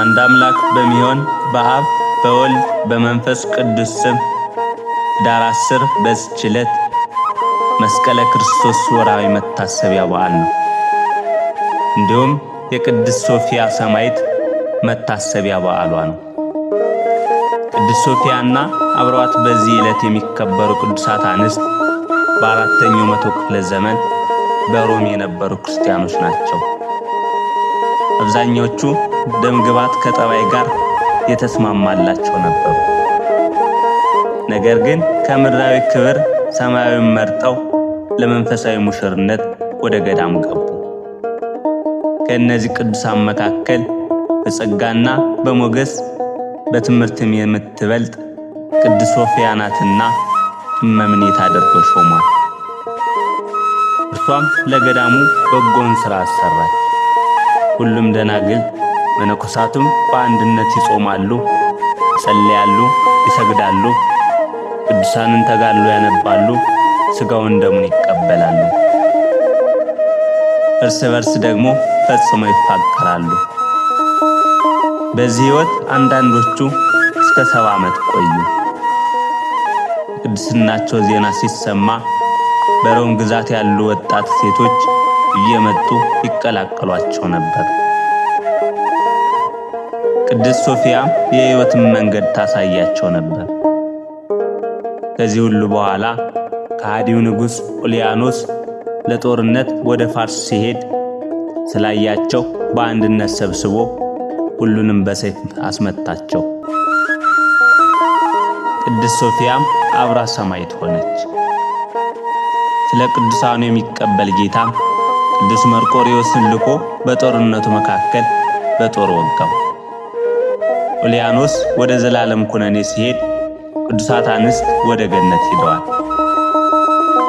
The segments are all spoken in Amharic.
አንድ አምላክ በሚሆን በአብ በወልድ በመንፈስ ቅዱስ ስም ዳራ ስር በዚች ዕለት መስቀለ ክርስቶስ ወርሃዊ መታሰቢያ በዓል ነው። እንዲሁም የቅድስት ሶፊያ ሰማዕት መታሰቢያ በዓሏ ነው። ቅድስት ሶፊያና አብረዋት በዚህ ዕለት የሚከበሩ ቅዱሳት አንስት በአራተኛው መቶ ክፍለ ዘመን በሮም የነበሩ ክርስቲያኖች ናቸው። አብዛኛዎቹ ደም ግባት ከጠባይ ጋር የተስማማላቸው ነበሩ። ነገር ግን ከምድራዊ ክብር ሰማያዊን መርጠው ለመንፈሳዊ ሙሽርነት ወደ ገዳም ገቡ። ከእነዚህ ቅዱሳን መካከል በጸጋና በሞገስ በትምህርትም የምትበልጥ ቅድስት ሶፊያ ናትና እመምኔት አድርጎ ሾሟል። እርሷም ለገዳሙ በጎን ሥራ አሰራች። ሁሉም ደናግል መነኮሳቱም በአንድነት ይጾማሉ፣ ይጸለያሉ፣ ይሰግዳሉ፣ ቅዱሳንን ተጋድሎ ያነባሉ፣ ሥጋውን ደሙን ይቀበላሉ። እርስ በርስ ደግሞ ፈጽመው ይፋቀራሉ። በዚህ ሕይወት አንዳንዶቹ እስከ ሰባ ዓመት ቆዩ። ቅድስናቸው ዜና ሲሰማ በሮም ግዛት ያሉ ወጣት ሴቶች እየመጡ ይቀላቀሏቸው ነበር። ቅድስት ሶፊያ የሕይወትን መንገድ ታሳያቸው ነበር። ከዚህ ሁሉ በኋላ ከሃዲው ንጉሥ ዑልያኖስ ለጦርነት ወደ ፋርስ ሲሄድ ስላያቸው በአንድነት ሰብስቦ ሁሉንም በሰይፍ አስመታቸው። ቅድስት ሶፊያም አብራ ሰማዕት ሆነች። ስለ ቅዱሳኑ የሚቀበል ጌታ ቅዱስ መርቆሪዎስን ልኮ በጦርነቱ መካከል በጦር ወጋው። ኡልያኖስ ወደ ዘላለም ኩነኔ ሲሄድ ቅዱሳት አንስት ወደ ገነት ሄደዋል።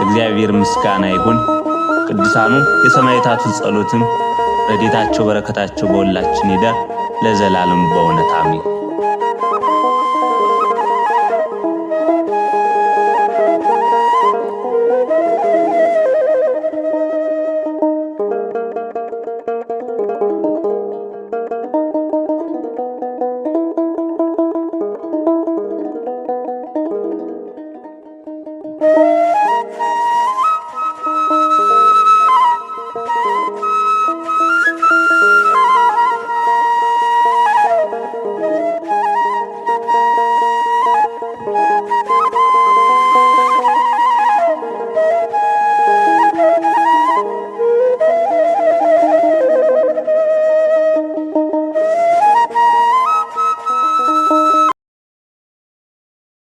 እግዚአብሔር ምስጋና ይሁን። ቅዱሳኑ የሰማዕታቱ ጸሎትም ረዴታቸው በረከታቸው በሁላችን ይደር ለዘላለም በእውነት አሜን። Música